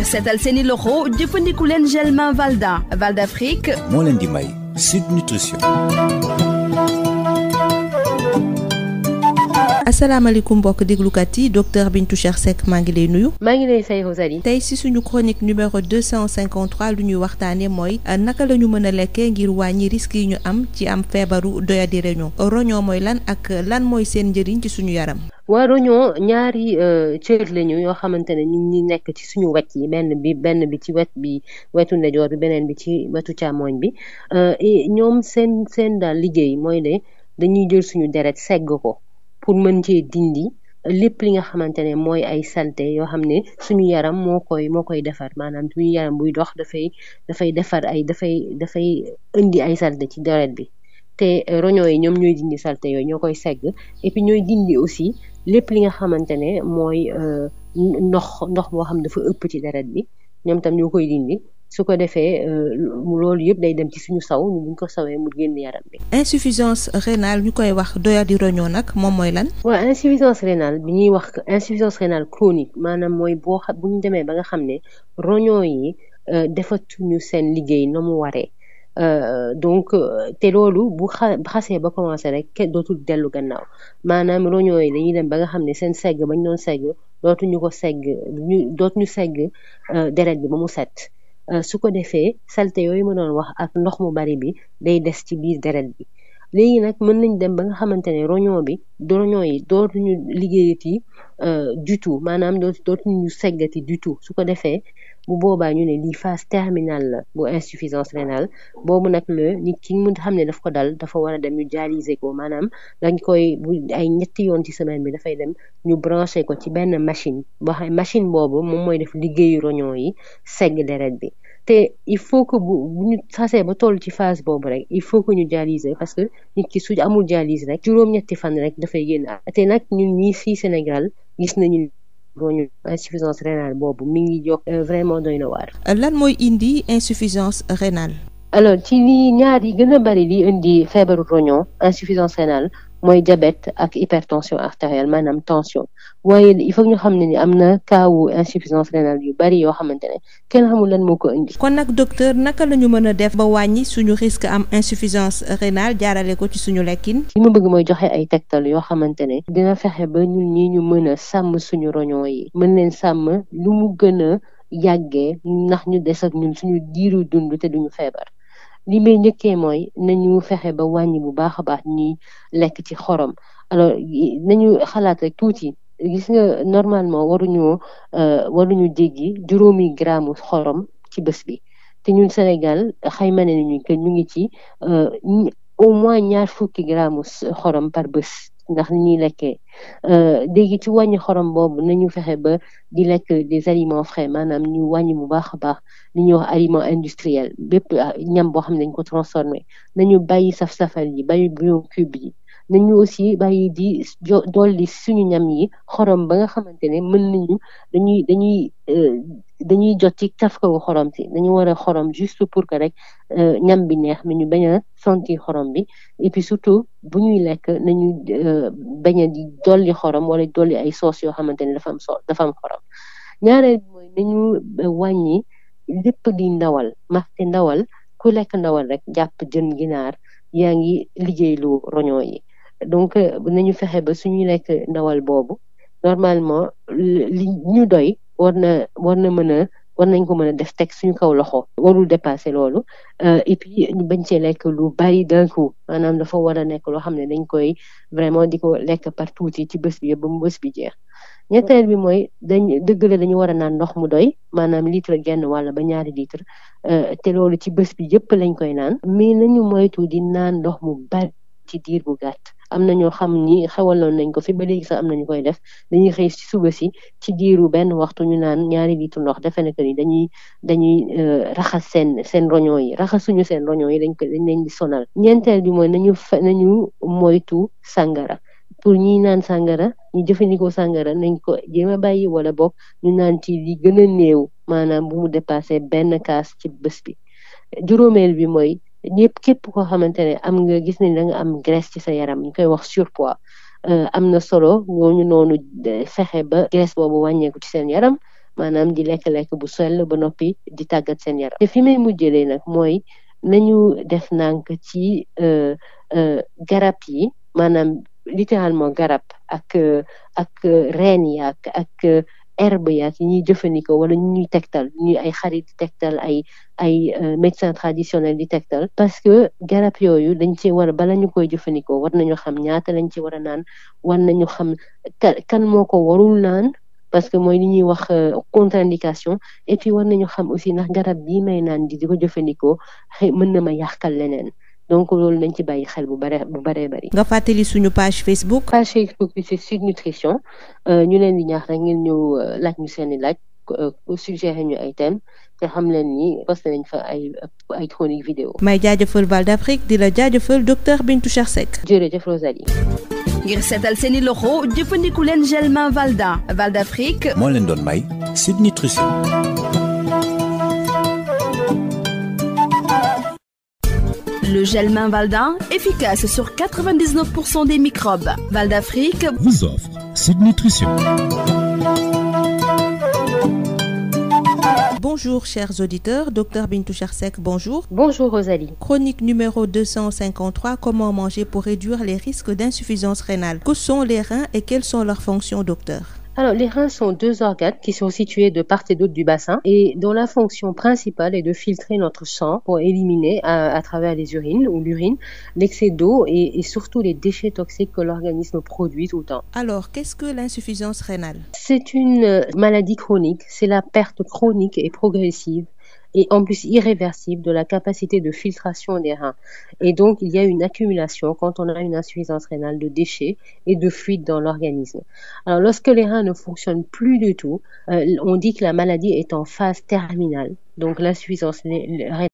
ngir al seeni loxo jëfandiku leen gel main Valda Valda Afrique moo leen di may Sud Nutrition salaamaaleykum mbokk déglukat yi docteur Bintou Cheikh Seck maa ngi lay nuyu. maa ngi lay say Rosalie. tey si suñu chronique numéro 253 lu ñuy waxtaanee mooy naka la ñu mën a lekkee ngir wàññi risques yi ñu am ci am feebaru doyadi réunion roñoo mooy lan ak lan mooy seen njëriñ ci suñu yaram. waa roñoo ñaari euh, cër lañu yoo xamante ne ñu ngi nekk ci suñu wet yi benn bi benn bi ci bi wetu ndeyjoor bi beneen bi ci wetu càmmooñ bi euh, ñoom seen seen daal liggéey mooy de dañuy jël suñu deret segg ko. pour mën cee dindi lépp li nga xamante ne mooy ay salte yoo xam ne suñu yaram moo koy moo koy defar maanaam suñu yaram buy dox dafay dafay defar ay dafay dafay indi ay salte ci deret bi te roñoo yi ñoom ñooy dindi salté yooyu ñoo koy segg et puis dindi aussi lépp li nga xamante ne mooy euh, ndox ndox boo xam dafa ëpp ci deret bi ñoom tam ñoo koy dindi su ko defee euh, loolu yëpp day dem ci suñu saw ñu buñ ko sawee mu génn yaram bi. insuffisance rénale ñu koy wax doyadi roñoo nag moom mooy lan. waaw insuffisance rénale bi ñuy wax insuffisance rénale chronique maanaam mooy boo xam bu ñu demee ba nga xam ne roñoo yi euh, defatuñu seen liggéey na mu waree. Euh, donc euh, te loolu bu xa xasee ba commencé rek kenn dootul dellu gannaaw maanaam roñoo yi dañuy dem ba nga xam ne seen segg bañ doon segg dootuñu ko segg dootuñu segg deret bi ba mu set su ko defee salte yooyu mënoon wax ak ndox mu bari bi day des ci biir deret bi léegi nag mën nañ dem ba nga xamante ne roñoo bi roñoo yi liggéey liggéeyati euh, du tout maanaam dootuñu seggati du tout su ko defee bu boobaa ñu ne lii phase terminale la bu insuffisance rénale boobu nag la nit ki mu xam ne daf ko dal dafa war a dem ñu dialyser ko maanaam dañ koy bu ay ñetti yoon ci semaine bi dafay dem ñu branché ko ci benn machine boo machine boobu moom mooy def liggéeyu roñoo yi segg deret bi te il faut que bu bu ñu xasee ba toll ci phase boobu rek il faut que ñu dialyser parce que nit ki su amul dialyse rek juróom-ñetti fan rek dafay génn te nag ñun ñii fii Sénégal gis nañu ñu insuffisance rénale boobu mu ngi jox euh, vraiment doy na waar. lan mooy indi insuffisance rénale. alors ci lii ñaar yi gën a bari di indi feebaru rognon insuffisance rénale mooy diabète ak hypertension artérielle maanaam tension waaye il faut ñu xam ne ni am na kaawu insuffisance rénale yu bari yoo xamante ne kenn xamul lan moo ko indi. kon nag docteur naka la ñu mën a def ba wàññi suñu risque am insuffisance rénale jaarale ko ci suñu lekkin. li ma bëgg mooy joxe ay tegtal yoo xamante ne dina fexe ba ñun ñi ñu mën a sàmm suñu roñoo yi mën leen sàmm lu mu gën a yàggee ndax ñu des ak ñun suñu diiru dund te duñu feebar. li may njëkkee mooy nañu fexe ba wàññi bu baax a baax ñuy lekk ci xorom alors nañu xalaat rek tuuti gis nga normalement waruñoo euh, waruñu jéggi juróomi gramme xorom ci bés bi te ñun Sénégal xayma ne nañu que ñu ngi ci euh, au moins ñaar fukki gramme xorom par bés ndax ni ñuy lekkee euh, léegi ci wàññi xorom boobu nañu fexe ba di lekk des aliments frais maanaam ñu wàññi bu baax a baax li ñuy wax aliment industriel bépp ah, ñam boo xam ne dañ ko transformé nañu bàyyi saf-safal yi bàyyi bouillon cube yi nañu aussi bàyyi di dolli suñu ñam yi xorom ba nga xamante ne mën nañu dañuy dañuy euh, dañuy jot ci cafkawu xorom si dañu war a xorom juste pour que rek euh, ñam bi neex mais ñu bañ a sentir xorom bi et puis surtout bu ñuy lekk nañu euh, bañ a di dolli xorom wala dolli ay sauce yoo xamante ne dafa am so dafa am xorom ñaareel mooy nañu wàññi lépp di ndawal ndaxte ndawal ku lekk ndawal rek jàpp jën ginaar yaa ngi liggéey lu roñoo yi donc euh, nañu fexe ba suñuy lekk ndawal boobu normalement li ñu doy war na war na mën a war nañ ko mën a def teg suñu kaw loxo warul dépassé loolu euh, et puis bañ cee lekk lu bari d'un coup maanaam dafa war a nekk loo xam ne dañ koy vraiment di ko lekk par tuuti ci bés bi yëpp mu bés bi jeex ñetteel bi mooy dañ dëgg dañu war a naan ndox mu doy maanaam litre genn walla ba ñaari litre euh, te loolu ci bés bi yëpp lañ koy naan mais nañu moytu di naan ndox mu bari ci diir bu gàtt am na ñoo xam ni xewaloon nañ ko fi ba léegi sax am nañu koy def dañuy xëy ci suba si ci giiru benn waxtu ñu naan ñaari litre ndox defe na que ni dañuy dañuy euh, raxas seen seen roñoo yi raxasuñu seen roñoo yi dañ ko dañ leen di sonal ñeenteel bi mooy nañu fa nañu moytu sangara pour ñi naan sangara ñu jëfandikoo sangara nañ ko jéem a bàyyi wala boog ñu naan ci li gën a néew maanaam bu mu benn kaas ci bés bi juróomeel bi mooy ñëpp képp koo xamante ne am nga gis nañ da am graisse ci sa yaram ñu koy wax surpoids euh, am na solo ñooñu noonu fexe ba graisse bu wàññeeku ci seen yaram maanaam di lekk-lekk bu sell ba noppi di tàggat seen yaram te fi may mujjëlee nag mooy nañu def nànk ci euh, euh, garab yi maanaam littéralement garab ak ak reen yi ak ak herbe yaak yi ñuy jëfandikoo wala ñu ñuy tegtal ñuy ay xarit di tegtal ay ay euh, médecin traditionnel di tegtal parce que garab yooyu dañ ci war bala ñu koy jëfandikoo war nañu xam ñaata lañ ci war a naan war nañu xam kan moo ko warul naan parce que mooy li ñuy wax euh, contre-indication et puis war nañu xam aussi ndax garab bii may naan di di ko jëfandikoo mën na ma yàqal leneen donc loolu nañ ci bàyyi xel bu bare bu baree bari. nga fàttali suñu page Facebook. page Facebook bi c'est Sud euh, ñu leen di ñaax rek ngeen ñëw euh, laaj ñu seen i laaj euh, suggéré ñu ay thèmes te xam leen ni posté nañ fa ay ay chronique vidéo. may jaajëfal Val d'Afrique di la jaajëfal docteur Bintou Cheikh Seck. jërëjëf Rosalie. ngir seetal seen i loxo jëfandiku leen gel main Valda Val d'Afrique. moo leen doon may Sud Le gel main Valda, efficace sur 99% des microbes. Val d'Afrique vous offre cette docteur Bintou Charsek, bonjour. Bonjour Rosalie. Chronique numéro 253, comment manger pour les risques d'insuffisance rénale. Que sont les reins et quelles sont leurs Alors, les reins sont deux organes qui sont situés de part et d'autre du bassin et dont la fonction principale est de filtrer notre sang pour éliminer à, à travers les urines ou l'urine l'excès d'eau et, surtout les déchets toxiques que l'organisme produit Alors, qu'est-ce que l'insuffisance rénale C'est une maladie chronique, c'est la perte chronique et progressive et en plus irréversible de la capacité de filtration des reins. Et donc, il y a une accumulation quand on a une insuffisance rénale de déchets et de fuites dans l'organisme. Alors, lorsque les reins ne fonctionnent plus du tout, euh, on dit que la maladie est en phase terminale. Donc, l'insuffisance rénale